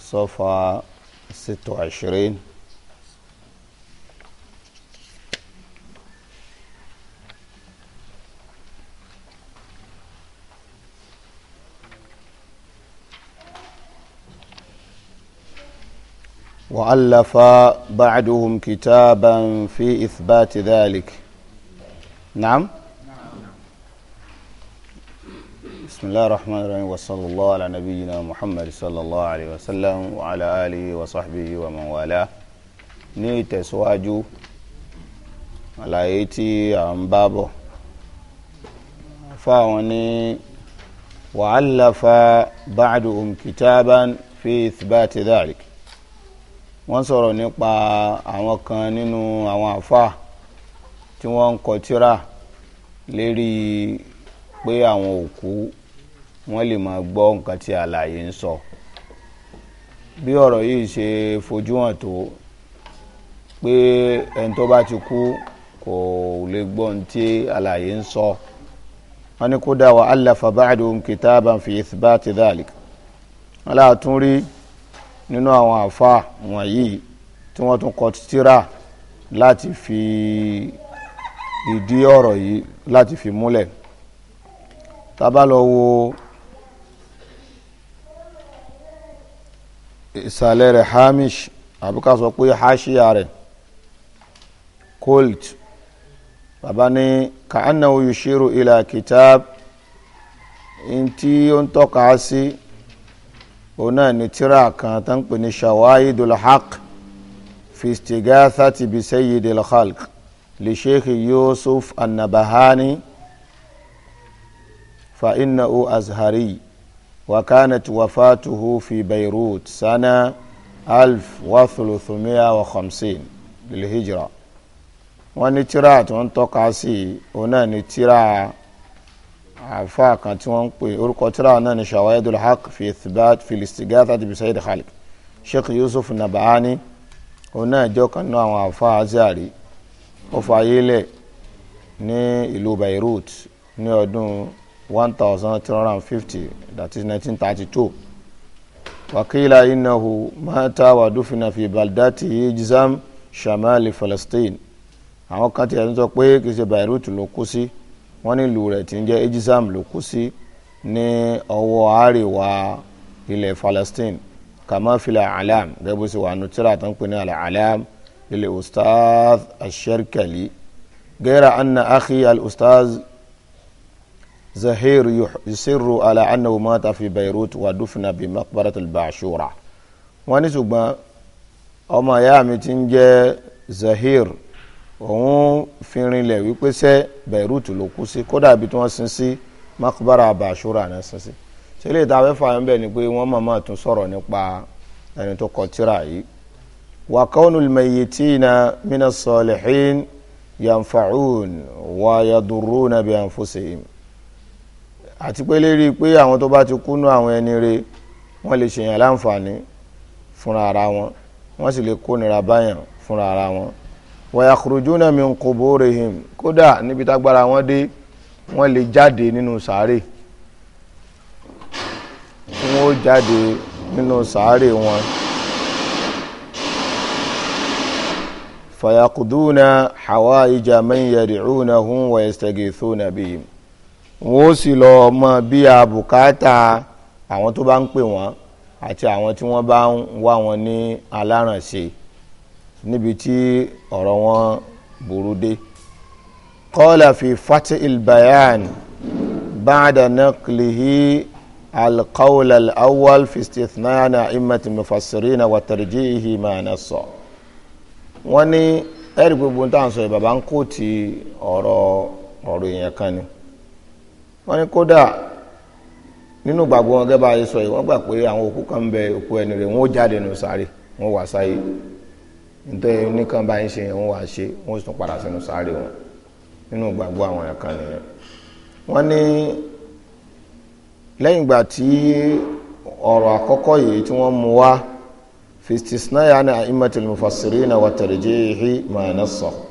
صفا ستة وعشرين وألف بعدهم كتابا في إثبات ذلك نعم بسم الله الرحمن الرحيم وصلى الله على نبينا محمد صلى الله عليه وسلم وعلى آله وصحبه ومن والاه ní ìtẹ̀síwájú àlàyé tí à ń bá bọ̀ fáwọn ní wa'allafa ba'duhum kitaban fi ithbati dhalik wọ́n sọ̀rọ̀ nípa àwọn kan nínú àwọn àfà tí wọ́n ń kọ tírà lérí pé àwọn òkú wọ́n lè máa gbọ́ nǹkan tí àlàyé ń sọ bí ọ̀rọ̀ yìí ṣe fojú hàn tó pé ẹni tó bá ti kú kò lè gbọ́ ohun tí àlàyé ń sọ wọ́n ní kódà wa allafa ba'duhum kitaban fi ithbati dhalik wọ́n láàtún rí nínú àwọn àfa wọ̀nyí tí wọ́n tún kọ tírà láti fi ìdí ọ̀rọ̀ yìí láti fi múlẹ̀ tá wo. ìsàlẹ̀ rẹ̀ hamish àbí ká sọ pé hashiya rẹ̀ colt bàbá ní ka'annahu yushiru ila kitab ntí ó ń tọ́ka sí òun náà ní tírà kan tó ń pè ní shawahidul haqq fi istigathati bi sayyidil khalq li sheikh yusuf annabahani fa innahu azhari. وكانت وفاته في بيروت سنة 1350 للهجرة wọ́n ní tíra tí wọ́n ń tọ́ka sí i òun náà ní tíra àáfàá kan tí wọ́n ń pè orúkọ tíra náà ní shawahidul haq fi ithbat fi istigathati bi sayyid khaliq sheikh yusuf nabahani òun náà jọ kan náà àwọn àáfàá azari ó fayé lẹ̀ ní ìlú beirut ní ọdún one thousand three hundred fifty that is nineteen thirty two wakila inahu mata wa dufina fi baldati jizam shamali Palestine. àwọn kan ti ẹni sọ pé kì í ṣe beirut ló kú sí wọn ní ìlú rẹ̀ tí ń jẹ́ ejizam ló kú sí ní ọwọ́ àríwá ilẹ̀ falastin kama fila alam gẹ́gẹ́ bó ṣe wà nù tíra tó ń pè ní alam ilẹ̀ ustaz asherkali gẹ́ra anna akhi al ustaz. زهير يسر على أنه مات في بيروت ودفن بمقبرة البعشورة ونسبة ọmọ ìyá mi ti ń jẹ́ Zahir òun fi rinlẹ̀ wípé sẹ́ Beirut ló kú sí kódà ibi tí wọ́n sin sí makbara bashura náà sin sí sílẹ̀ tá a fẹ́ fààyàn bẹ́ẹ̀ ni pé wọ́n mọ̀mọ́ tún sọ̀rọ̀ nípa ẹni tó kọ tírà yìí wa kawnul mayyitina minas salihin yanfa'un wa yadurruna bi anfusihim àti pé lérí pé àwọn tó bá ti kúnú àwọn ẹni re wọ́n lè ṣèyàn láǹfààní fúnra ara wọn wọ́n sì lè kónira báyàn fúnra ara wọn wa yakhrujuna min quburihim kódà níbi tágbára wọn dé wọ́n lè jáde nínú sàárè wọ́n ó jáde nínú sàárè wọn. fayaquduna hawaija man yad'unahum wa yastaghithuna bihim wọn ó sì lọ mọ bí a bùkátà àwọn tó bá ń pè wọ́n àti àwọn tí wọ́n bá ń wá wọn ní alárànṣe níbi tí ọ̀rọ̀ wọn burú dé qala fi fati ilbayan ba'da naqlihi alqawla alawal fi istithnana imati mufassirina wa tarjihi ma nassa wọ́n ní ẹ̀rí gbogbo táwọn sọ̀rọ̀ bàbá ń kó ti ọ̀rọ̀ ọ̀rọ̀ èèyàn kan ni. wọ́n ní kódà nínú gbàgbọ́ wọn gẹ́gẹ́ bá yẹ sọ yìí wọ́n gbà pé àwọn òkú kan bẹ òkú ẹni rẹ̀ wọ́n jáde nù sáré wọ́n wà sáyé nítorí oníkan bá ṣe yẹn wọ́n wà ṣe wọ́n tún padà sínú sáré wọn nínú gbàgbọ́ àwọn nìyẹn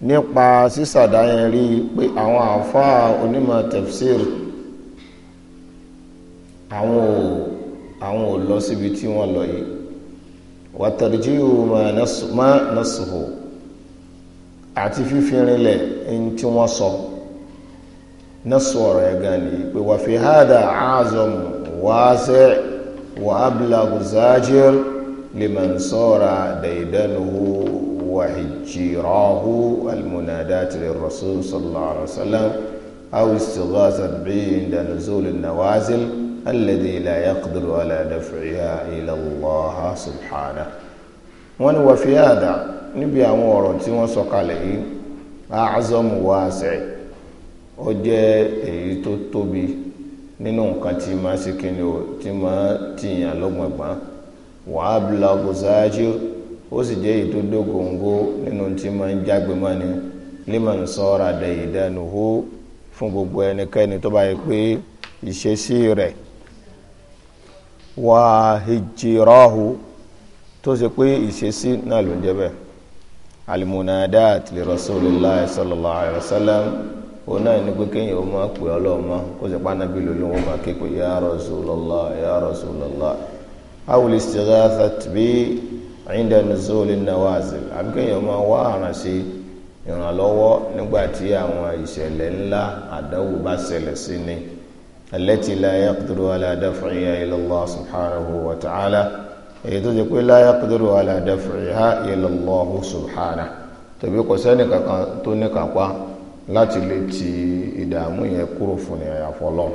nípa sísàdáyẹn rí i pé àwọn àáfàá onímọ̀ tafsir àwọn ò àwọn ò lọ síbi tí wọ́n lọ yìí wàtàrìjì má nasuhu àti fífìrinlẹ̀ ní tí wọ́n sọ nasu ọ̀rọ̀ ẹ̀ gan ni pé wà fi hádà azọm wáṣẹ wà abúlà gùzájìr lè mọ̀ nsọ́ra dàídánù وحجيراه المنادات للرسول صلى الله عليه وسلم أو استغاثة به عند نزول النوازل الذي لا يقدر على دفعها إلى الله سبحانه ونوى في هذا نبي أمور وصق عليه أعظم واسع وجاء تطبي nínú nǹkan tí máa ṣe kí ni o tí máa tìyàn lọ́gbọ̀ngbọ̀n wàá bla bùsáájú ó sì jẹ́ ètò dógóńgó nínú tí máa ń jágbe mọ́ ni liman sọ́ra dẹ̀yìndẹ́nuhu fún gbogbo ẹnikẹ́ni tó bá yẹ pé ìṣesí rẹ̀ wà hijirahu tó ṣe pé ìṣesí náà ló ń jẹ́ bẹ́ẹ̀ alimunadat li rasulillah sallallahu alayhi wa sallam òun náà ní pé kéèyàn ó máa pè ọ́ lọ́ọ́ pa anábì ló lóun máa ké pé ya rasulallah ya rasulallah awul istighathat bi inda nuzuli nawazil àbí kéèyàn máa wá àrànṣe ìrànlọ́wọ́ nígbà tí àwọn ìṣẹ̀lẹ̀ ńlá àdáwò bá ṣẹlẹ̀ sí ni allati la yaqdiru ala daf'iha illa Allah subhanahu wa ta'ala èyí tó ti pé la yaqdiru ala daf'iha illa Allah subhanahu tàbí kò sẹ́ni kankan tó ní kápá láti lè ti ìdààmú yẹn kúrò fún ìyàfọ́ lọ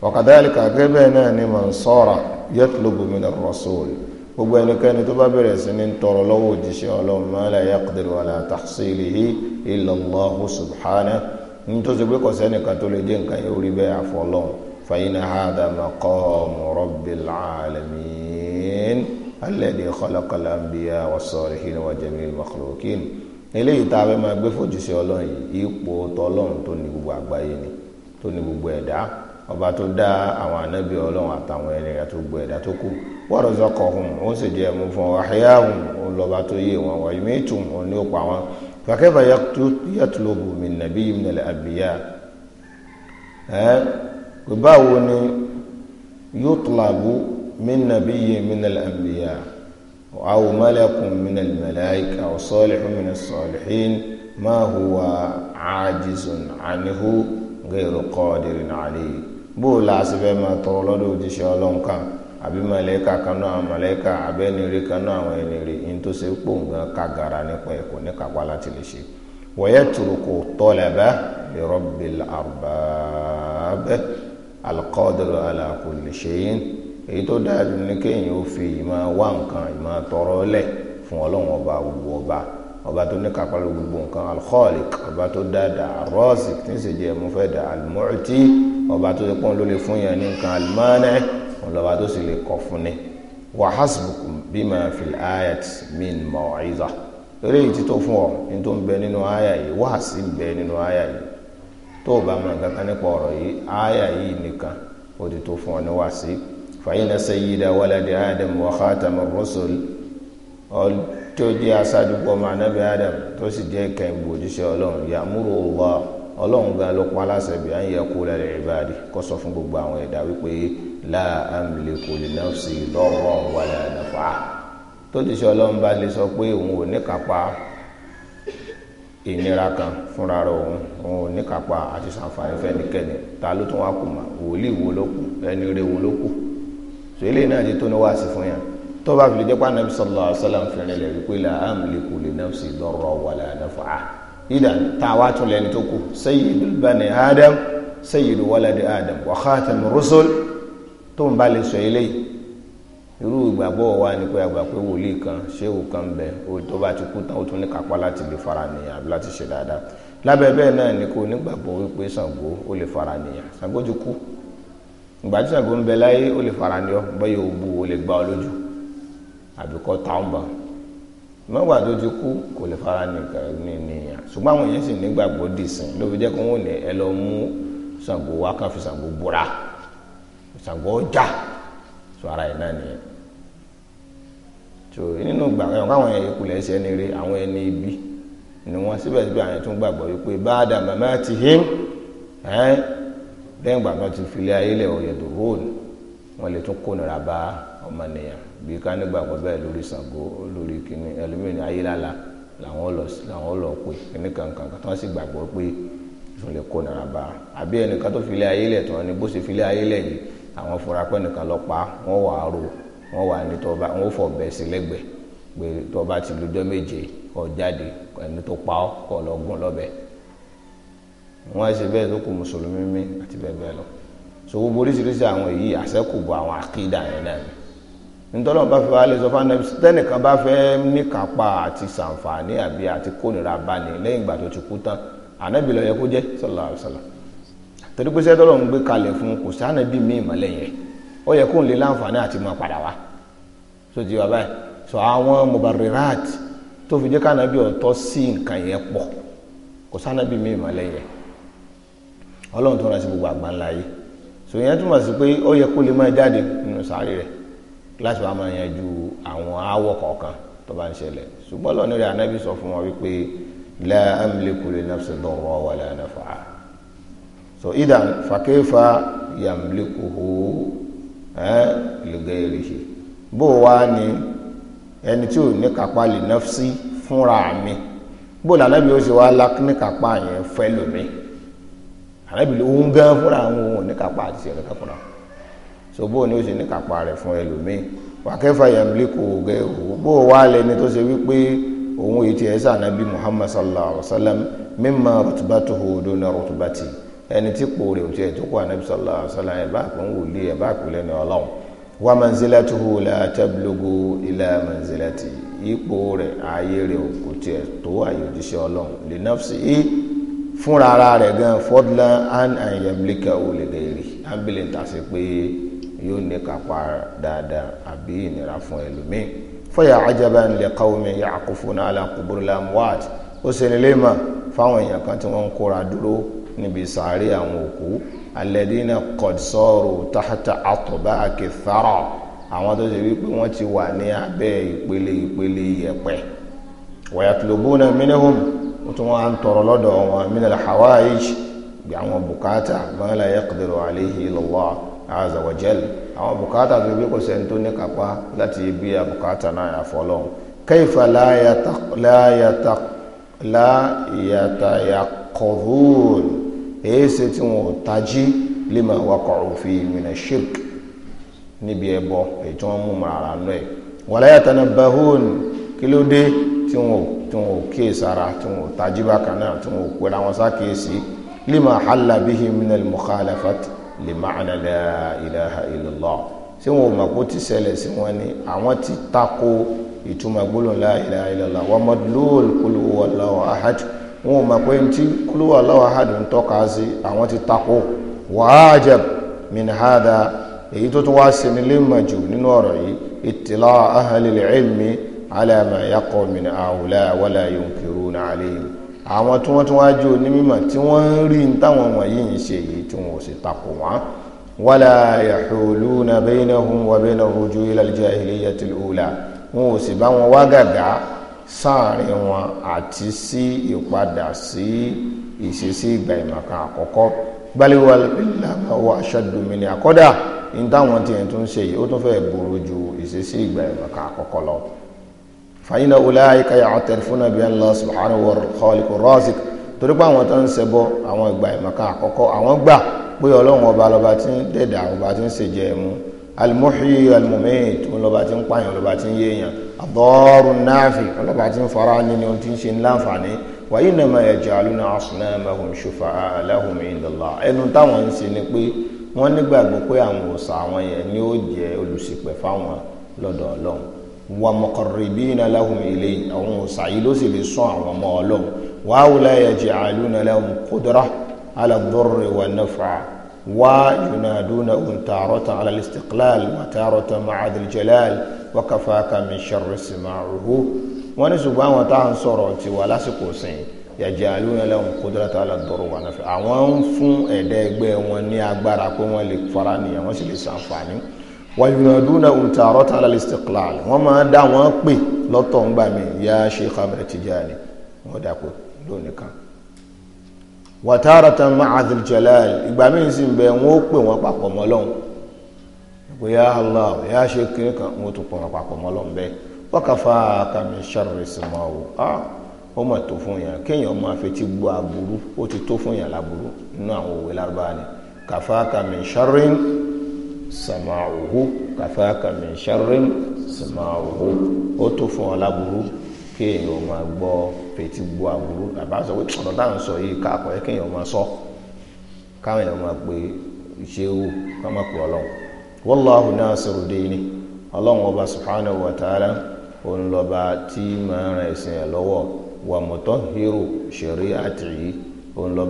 wa náà ni man sara yatlubu gbogbo ẹnikẹ́ni tó bá bẹ̀rẹ̀ sí ní tọrọ lọ́wọ́ òjíṣẹ́ ọlọ́run ma la yaqdiru ala tahsilihi illa Allahu subhanahu ní tó ṣe pé kò sẹ́nìkan tó lè jẹ́ nǹkan yóò rí bẹ́ẹ̀ àfọ́ ọlọ́run fa inna hadha maqamu rabbil alamin alladhi khalaqal anbiya was-salihin wa jami'il makhluqin eléyìí tá a fẹ́ máa gbé fòjíṣẹ́ ọlọ́run yìí ipò tọ́lọ́run tó ní gbogbo àgbáyé ni tó ní gbogbo ẹ̀dá ọba tó dá àwọn ànábì ọlọ́run àtàwọn ẹlẹ́yà tó gbọ́ ẹ̀dá tó kù wọ́n zọ kọ̀ hùn ó sì jẹ́ ẹ̀mú fún ọ̀hẹ́yà hùn ó lọ́ba tó yé wọn wọ̀nyí méjì hùn ó ní òpá wọn fàkẹ́fà yàtúlóbù mi nàbí yìí nílẹ̀ àbíyá ẹ́ pé báwo ni yóòtúlàbù mi nàbí yìí mi nílẹ̀ àbíyá àwọn mẹ́lẹ̀kùn mi nílẹ̀ mẹ́lẹ́kà ọ̀sọ́lẹ̀hùn mi nílẹ̀ sọ̀lẹ̀hìn máa hùwà àjìsùn bóò la sì fẹ́ máa tọrọ lọ́dọ̀ òjíṣẹ́ ọlọ́run kan àbí mọ̀lẹ́kà kan náà mọ̀lẹ́kà abẹ́nire kan náà àwọn ẹnìrè ní tó ṣe pò nǹkan kagara nípa ẹ̀kọ́ ní kápá láti lè ṣe wọ́yẹ́ turuku tọ́lẹ̀bẹ́ ìrọ́bìlì àrùbáàbẹ́ alqadiru ala kulli shay'in èyí tó dáa jù ní kéèyàn ó fi ìmọ̀ wá nǹkan ìmọ̀ tọrọ lẹ̀ fún ọlọ́run ọba gbogbo ọba tó ní kápá ló gbogbo nǹkan alkhaliq ọba tó dáadáa arọ́sìk tí ń sì jẹ́ mú fẹ́ dà almu'ti ọba tó pọ́n ló lè fún yẹn ní nǹkan almani ọlọ́ba tó sì lè kọ̀ fún ni wa hasbukum bima fil ayat min maw'iza eré yìí títò fún ọ ní tó ń bẹ nínú àyà yìí wáàsí ń bẹ nínú àyà yìí tó o bá mọ nǹkan kan nípa ọ̀rọ̀ yìí àyà yìí nìkan ó ti tó fún ọ ní wáàsí fa inna sayyida waladi adam wa khatama rusul tí ó jẹ́ aṣáájú pọ̀ ọmọ adam tó sì jẹ́ kẹ́hìn bòjíṣẹ́ ọlọ́run ya'muru Allah ọlọ́run gan ló pa aláṣẹ bí à ń yẹ kó lẹ́rẹ̀ ìbáàdì kó sọ fún gbogbo àwọn ẹ̀dá wípé la amliku li nafsi nafa tó ti ṣe ọlọ́run sọ pé òun ò ní kan fúnra òun òun ò ní kápá àti fẹ́nikẹ́ni ta ló tún wá kù mà wòlíì wo ló kù ẹni tó bá fi lè jẹ́ pé anabi sallallahu alaihi wasallam fẹ́rẹ̀ lẹ̀ wípé la amliku li nafsi darra wala naf'a ìdá tá a wá tún lẹ́ni tó kù sayyidul bani adam sayyidu waladi adam wa khatamur rusul tó ń bá lè sọ eléyìí irú ìgbàgbọ́ wa ni pé àgbà pé wòlíì kan ṣéwù kan bẹ tó bá ti kú tán ó tún ní kápá láti lè fara nìyàn àbí láti ṣe dáadáa lábẹ́ bẹ́ẹ̀ náà ni kò nígbàgbọ́ wípé Ṣàngó ó lè fara nìyàn Ṣàngó ti kú ìgbà tí Ṣàngó ń bẹ láyé ó lè fara nìyàn bọ́yọ̀ òbu ó lè gbá ọ lójú àbí kọ́ tàǹbà mẹ́wàá tó ti kú kò lè fara nìkan ní nìyàn ṣùgbọ́n àwọn èèyàn sì nígbàgbọ́ dìsìn ló fi jẹ́ kó wọ́n ní ẹ lọ mú Ṣàngó wá ká fi Ṣàngó búra Ṣàngó ọjà sọ ara ẹ̀ náà nìyẹn tó nínú gbà ẹ̀wọ̀n káwọn èèyàn ikú lẹ́sẹ̀ ẹni rí àwọn ẹni ibi ni wọ́n síbẹ̀síbẹ̀ àwọn ètò gbàgbọ́ wípé bá a dà màmá ti hí ẹ́ lẹ́yìn gbàgbọ́ ti filé ayé lẹ̀ ọ̀yẹ̀dọ̀ róòlù wọ́n lè tún kó nira bá ọmọ nìyàn bí ká nígbàgbọ́ bẹ́ẹ̀ lórí Ṣàngó lórí kínní ẹlòmíràn ayélálà làwọn lọ làwọn lọ pé kíní kankan kan tó wọ́n sì gbàgbọ́ pé ìṣòro lè kó nara bá àbí ẹnìkan tó filé ayé lẹ̀ tán ni bó ṣe filé ayé lẹ̀ yìí àwọn fúnra pẹ́ nìkan lọ pa wọ́n wà á rò wọ́n wà ní tọ́ba wọ́n fọ̀ bẹ́ẹ̀ sí lẹ́gbẹ̀ẹ́ pé tọ́ba ti lu ọjọ́ méje kó jáde ẹni tó pa ọ́ kó lọ gún lọ́bẹ̀ wọ́n ṣe bẹ́ẹ̀ tó kù mùsùlùmí mi àti bẹ́ẹ̀ bẹ́ẹ̀ lọ so gbogbo oríṣiríṣi àwọn èyí àṣẹ́kù bọ àwọn àkídà yẹn náà ni nítọ́lọ́wọ́n bá fi wá lè sọ fún anabi tẹ́nìkan bá fẹ́ níkàpá àti sàǹfààní àbí àti kónira bani lẹ́yìn ìgbà tó ti kú tán anabi ló yẹ kó jẹ́ sọlá sọlá torí pé sẹ́tọ́lọ́ ń gbé kalẹ̀ fún kò sí anabi mí ìmọ̀lẹ́ yẹn ó yẹ kó ń lè láǹfààní àti máa padà wá tó ti wá báyìí sọ àwọn mubarirat tó fi jẹ́ kánabi ọ̀tọ́ sí nǹkan yẹn pọ̀ kò sí anabi mí ìmọ̀lẹ́ yẹn ọlọ́run tó kíláàsì wa máa yanjú àwọn aáwọ̀ kọ̀ọ̀kan tó bá ń ṣẹlẹ̀ ṣùgbọ́n lọ́nà rẹ̀ anábì sọ fún wọn wípé la amliku li nafsi darran wala so idan fakaifa yamlikuhu eh, li ghairihi bó wá ní ẹni tí ò ní kápá li nafsi fúnra mi bó lànàbí ó ṣe wá ní kápá yẹn fẹ́ lómi ànábì ló ń gán fúnra àwọn òun ní kápá àti ṣe kankan fúnra wọn so bó ni ó ṣe ní kápá rẹ̀ fún ẹlòmíì wàkẹ́fà yamliku gẹ́ òwò bó wà lẹ́ni tó ṣe wípé òun ètò ẹ̀sà nàbí muhammad sallallahu alaihi wa sallam mimma rutubatuhu duna rutubati ẹni tí kò rè òtí ẹ̀tọ́ kó ànábì sallallahu alaihi wa sallam ẹ̀ bá kò ń wòlé ẹ̀ bá kò lẹ́ni ọlọ́run wa manzilatuhu la tablugu ila manzilati ipò rẹ̀ ààyè rẹ̀ kò tiẹ̀ tó ààyè òjíṣẹ́ ọlọ́run li nafsihi fúnra ara rẹ̀ gan fadlan an an yamlika òlè gẹ̀ẹ́rì ábílẹ̀ ń pé yóò ní kápá dáadáa àbí ìnira fún ẹlòmíì fọyà ajaban li qawmi ya'kufuna ala quburil amwat ó ṣe nílé mà fáwọn èèyàn kan tí wọ́n ń kóra dúró níbi sàárè àwọn òkú alladina qad saru tahta atba'aki àwọn tó ṣe wípé wọ́n ti wà ní abẹ́ ìpele ìpele yẹ̀pẹ̀ wa yatlubuna minhum ó tún wọ́n á ń tọrọ lọ́dọ̀ wọn minal àwọn bùkátà ma la yaqdiru alayhi azza wa jal àwọn bùkátà tó gbé kò sẹ́ni tó ní kápá láti bí a bùkátà náà àfọlọ́hún kayfa la yataq la yataq la yatayaqadhun èyí ṣe tí wọn ò tají lima waqa'u fi min ash-shirk níbi ẹbọ èyí tí wọn mú màrà nù ẹ wala yatanabbahun kí ló dé tí wọn tí wọn ò kíyè sára tí wọn ò tají bákan náà tí wọn ò pè láwọn sá kíyèsí lima halla bihi min al lè máàna la ilaha illallah ṣé wọn ò mọ̀ kó ti ṣẹlẹ̀ sí wọn ni àwọn ti tako ìtumọ̀ gbólóhùn la ilaha illallah wọn madlul qul huwallahu ahad wọn ò mọ̀ pé ní tí qul huwallahu ahad ń tọ́ka sí àwọn ti tako wàájẹb min èyí tó tún wá sí ni lè nínú ọ̀rọ̀ yìí ittila ahlil ilmi ala ma yaqo min àwùlá wala yunkiruna alayhim àwọn tí wọ́n tún wá jó onímọ̀ tí wọ́n ń rí ní táwọn wọ̀nyí ń ṣe yìí tí wọ́n ò sì takò wọ́n wala yahuluna bainahum wa baina rujul al-jahiliyyati al-ula wọn ò sì bá wọn wá gàgà sáàrin wọn àti sí ìpadà sí ìṣesí ìgbà ìmọ̀kan àkọ́kọ́ gbáléwà ìlànà wa ashaddu min àkọ́dà ní táwọn tiẹ̀ tún ṣe yìí ó tún fẹ́ burú ju ìṣesí ìgbà ìmọ̀kan àkọ́kọ́ lọ fàyínà ọláyíká yàwọn tẹlifóònù bíi Allah subhanahu wa khaliq razik torí pé àwọn tó ń ṣẹbọ àwọn ìgbà ìmọ̀ká àkọ́kọ́ àwọn gbà pé ọlọ́run ọba lọ́ba tí ń dẹ̀dà ọba tí ń ṣèjẹ ẹ̀mú alimuhi alimumit ọlọ́ba tí ń pààyàn ọlọ́ba tí ń yéèyàn adọ́rù náàfì ọlọ́ba tí ń fara ní ni ohun tí ń ṣe láǹfààní wa innama yaj'aluna lọ́dọ̀ ọlọ́run wa muqarribina lahum ilayhi àwọn òsàyí ló sì lè sún àwọn ọmọ ọlọ́run wa ulai yaj'aluna lahum qudra ala durri wa naf'a wa yunaduna taratan ala al-istiqlal wa taratan ma'a dhil jalal wa kafaka min sharri sima'uhu wọ́n ní ṣùgbọ́n àwọn táà ń sọ̀rọ̀ ti wà lásìkò sìn yaj'aluna lahum qudra ala durri wa naf'a àwọn ń fún wọn ní agbára pé wọ́n lè fara nìyẹn wọ́n sì lè sàǹfààní wàyùnàdúnà òǹtàrọ tààlà istiqlal wọn máa dá wọn pè lọ́tọ̀ ń gbà mí ya Sheikh Ahmed Tijani wọn dàpọ̀ lónìí kan wàtàràtà ma'adil jalal ìgbà míì sì ń bẹ wọn ó pè wọn papọ̀ mọ́ Ọlọ́hun ya Allah ya Sheikh kiri kan wọn ó tún pọ̀ wọn papọ̀ mọ́ Ọlọ́hun bẹ́ẹ̀ wákàfà kàmi sharri samawo ah ó mà tó fún yàn kéèyàn máa fetí gbọ́ aburú ó ti tó fún yàn láburú nínú àwọn òwe lárúbáwá ni kàfà kàmi sharri sàmáwòhó kàfáàkà min sharrin sàmáwòhó ó tó fún ọ kí èèyàn máa gbọ́ fetí gbọ́ aburú bàbá sọ pé ọ̀rọ̀ tá à ń sọ yìí káàkọ́ yẹ kí èèyàn máa sọ káwọn èèyàn máa pe ìṣéwò ká máa pe ọlọ́run ọba subhanahu wa ta'ala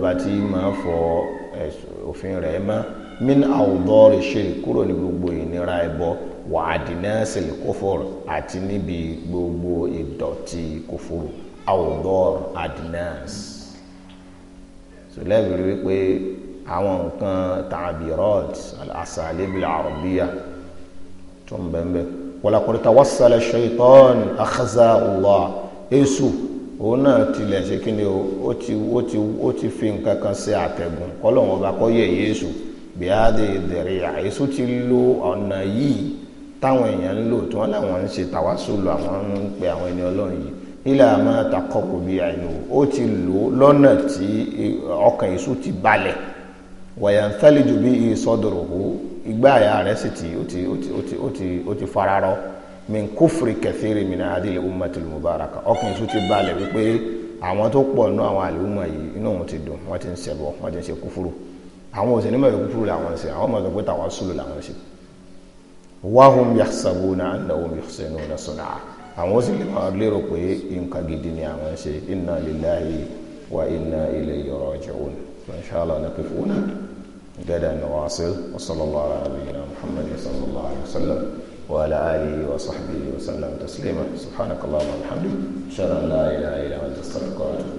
wa tí máa fọ òfin min awudọ́ọ̀rì ṣe kúrò ní gbogbo ìnira ẹbọ wàdínẹ́sìlì kófòrò àti níbi gbogbo ìdọ̀tí kófòrò awudọ́ọ̀rì àdínẹ́sì. sọlẹ́bìrì wípé àwọn nǹkan tàbírọ́ọ̀t àṣàlẹ́bìlì àrọ̀bíyà tó ń bẹ́ẹ̀ wàlàkùnrin tawásálẹ̀ ṣèyítọ́ọ̀nì àkàzà ọ̀lá èṣù òun náà tilẹ̀ ṣe kí ni o ó ti fi nǹkan kan ṣe àtẹ̀gùn kọ́lọ́wọ́n ọba kọ́ yẹ̀ yéṣù bíáde ìdẹ̀rẹ̀ àìsó ti lo ọ̀nà yìí táwọn èèyàn ń lò tí wọ́n láwọn ń ṣe tàwásùlù àwọn ń pe àwọn ẹni ọlọ́run yìí ilẹ̀ àmọ́ takọ́kù bíi àìlò ó ti lò lọ́nà tí e, ọkàn èso ti balẹ̀ wọ̀yàntẹ́lẹ̀ ju bí ìsọdọ̀rọ̀ hó igbá àyà rẹ̀ sì ti ó ti ó ti ó ti ó ti mi náà adìyẹ ummatul mubaraka ọkàn èso ti balẹ̀ wípé àwọn tó pọ̀ nú àwọn àlè umma yìí inú òun ti dùn wọ́n ti ń ṣẹbọ wọ́n ti ń ṣe kúfúrú. àwọn ọ̀sẹ̀ sì ní mọ̀lẹ́kú kúrò làwọn ṣe àwọn mọ̀lẹ́kú tàwọn sùlù làwọn ṣe wahum yahsabuna annahum yuhsinuna sun'a àwọn ó sì lè máa lérò pé nǹkan gidi ni àwọn ṣe inna lillahi wa inna ilayhi raji'un inshàlá nàkìfù náà. جدا نواصل وصلى الله على نبينا محمد صلى الله عليه وسلم وعلى آله وصحبه وسلم تسليما سبحانك اللهم وبحمدك أشهد أن لا إله إلا أنت أستغفرك وأتوب